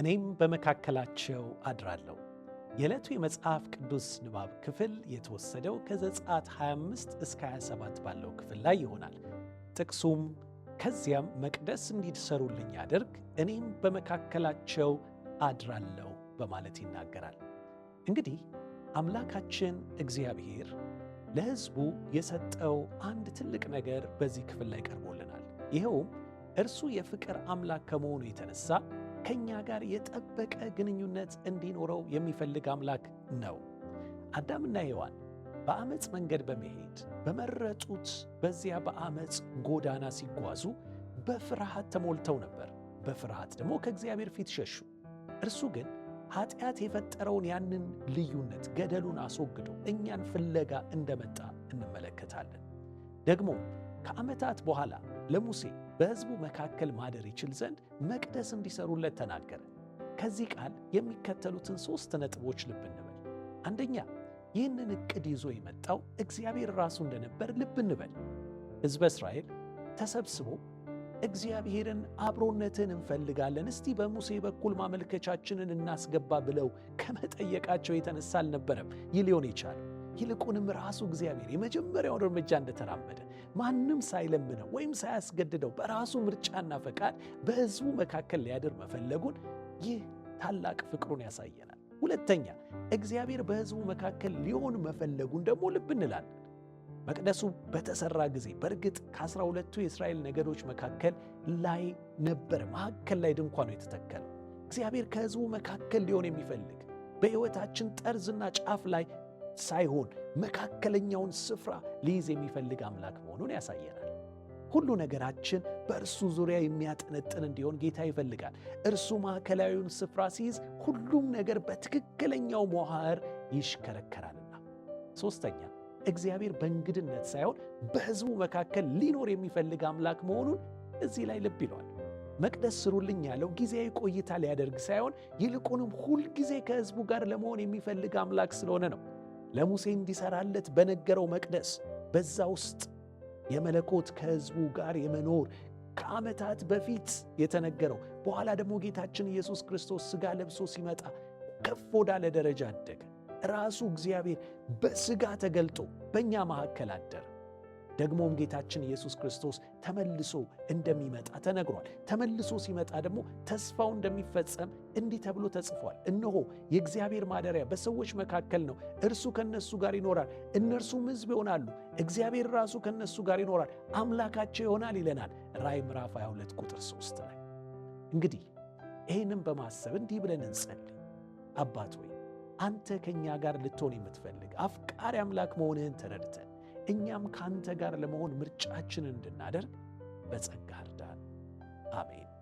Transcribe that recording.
እኔም በመካከላቸው አድራለሁ። የዕለቱ የመጽሐፍ ቅዱስ ንባብ ክፍል የተወሰደው ከዘጸአት 25 እስከ 27 ባለው ክፍል ላይ ይሆናል። ጥቅሱም ከዚያም መቅደስ እንዲሰሩልኝ አድርግ፣ እኔም በመካከላቸው አድራለሁ በማለት ይናገራል። እንግዲህ አምላካችን እግዚአብሔር ለሕዝቡ የሰጠው አንድ ትልቅ ነገር በዚህ ክፍል ላይ ቀርቦልናል። ይኸውም እርሱ የፍቅር አምላክ ከመሆኑ የተነሳ ከእኛ ጋር የጠበቀ ግንኙነት እንዲኖረው የሚፈልግ አምላክ ነው። አዳምና ሔዋን በአመፅ መንገድ በመሄድ በመረጡት በዚያ በአመፅ ጎዳና ሲጓዙ በፍርሃት ተሞልተው ነበር። በፍርሃት ደግሞ ከእግዚአብሔር ፊት ሸሹ። እርሱ ግን ኃጢአት የፈጠረውን ያንን ልዩነት ገደሉን አስወግዶ እኛን ፍለጋ እንደመጣ እንመለከታለን። ደግሞ ከዓመታት በኋላ ለሙሴ በሕዝቡ መካከል ማደር ይችል ዘንድ መቅደስ እንዲሰሩለት ተናገረ። ከዚህ ቃል የሚከተሉትን ሦስት ነጥቦች ልብ እንበል። አንደኛ፣ ይህንን ዕቅድ ይዞ የመጣው እግዚአብሔር ራሱ እንደነበር ልብ እንበል። ሕዝበ እስራኤል ተሰብስቦ እግዚአብሔርን አብሮነትን እንፈልጋለን፣ እስቲ በሙሴ በኩል ማመልከቻችንን እናስገባ ብለው ከመጠየቃቸው የተነሳ አልነበረም ይህ ሊሆን ይቻል። ይልቁንም ራሱ እግዚአብሔር የመጀመሪያውን እርምጃ እንደተራመደ ማንም ሳይለምነው ወይም ሳያስገድደው በራሱ ምርጫና ፈቃድ በሕዝቡ መካከል ሊያድር መፈለጉን ይህ ታላቅ ፍቅሩን ያሳየናል። ሁለተኛ እግዚአብሔር በሕዝቡ መካከል ሊሆን መፈለጉን ደግሞ ልብ እንላለን። መቅደሱ በተሰራ ጊዜ በእርግጥ ከአስራ ሁለቱ የእስራኤል ነገዶች መካከል ላይ ነበር መካከል ላይ ድንኳኑ የተተከለው። እግዚአብሔር ከሕዝቡ መካከል ሊሆን የሚፈልግ በሕይወታችን ጠርዝና ጫፍ ላይ ሳይሆን መካከለኛውን ስፍራ ሊይዝ የሚፈልግ አምላክ መሆኑን ያሳየናል። ሁሉ ነገራችን በእርሱ ዙሪያ የሚያጠነጥን እንዲሆን ጌታ ይፈልጋል። እርሱ ማዕከላዊውን ስፍራ ሲይዝ ሁሉም ነገር በትክክለኛው መዋህር ይሽከረከራልና። ሦስተኛ፣ እግዚአብሔር በእንግድነት ሳይሆን በሕዝቡ መካከል ሊኖር የሚፈልግ አምላክ መሆኑን እዚህ ላይ ልብ ይለዋል። መቅደስ ስሩልኝ ያለው ጊዜያዊ ቆይታ ሊያደርግ ሳይሆን ይልቁንም ሁልጊዜ ከሕዝቡ ጋር ለመሆን የሚፈልግ አምላክ ስለሆነ ነው። ለሙሴ እንዲሰራለት በነገረው መቅደስ በዛ ውስጥ የመለኮት ከህዝቡ ጋር የመኖር ከዓመታት በፊት የተነገረው በኋላ ደግሞ ጌታችን ኢየሱስ ክርስቶስ ሥጋ ለብሶ ሲመጣ ከፍ ወዳለ ደረጃ አደገ። ራሱ እግዚአብሔር በሥጋ ተገልጦ በእኛ መካከል አደረ። ደግሞም ጌታችን ኢየሱስ ክርስቶስ ተመልሶ እንደሚመጣ ተነግሯል። ተመልሶ ሲመጣ ደግሞ ተስፋው እንደሚፈጸም እንዲህ ተብሎ ተጽፏል። እነሆ የእግዚአብሔር ማደሪያ በሰዎች መካከል ነው፣ እርሱ ከነሱ ጋር ይኖራል፣ እነርሱም ሕዝብ ይሆናሉ። እግዚአብሔር ራሱ ከነሱ ጋር ይኖራል፣ አምላካቸው ይሆናል ይለናል ራእይ ምዕራፍ 22 ቁጥር 3 ላይ። እንግዲህ ይህንም በማሰብ እንዲህ ብለን እንጸልይ። አባት አንተ ከእኛ ጋር ልትሆን የምትፈልግ አፍቃሪ አምላክ መሆንህን ተረድተ እኛም ከአንተ ጋር ለመሆን ምርጫችንን እንድናደርግ በጸጋ እርዳን። አሜን።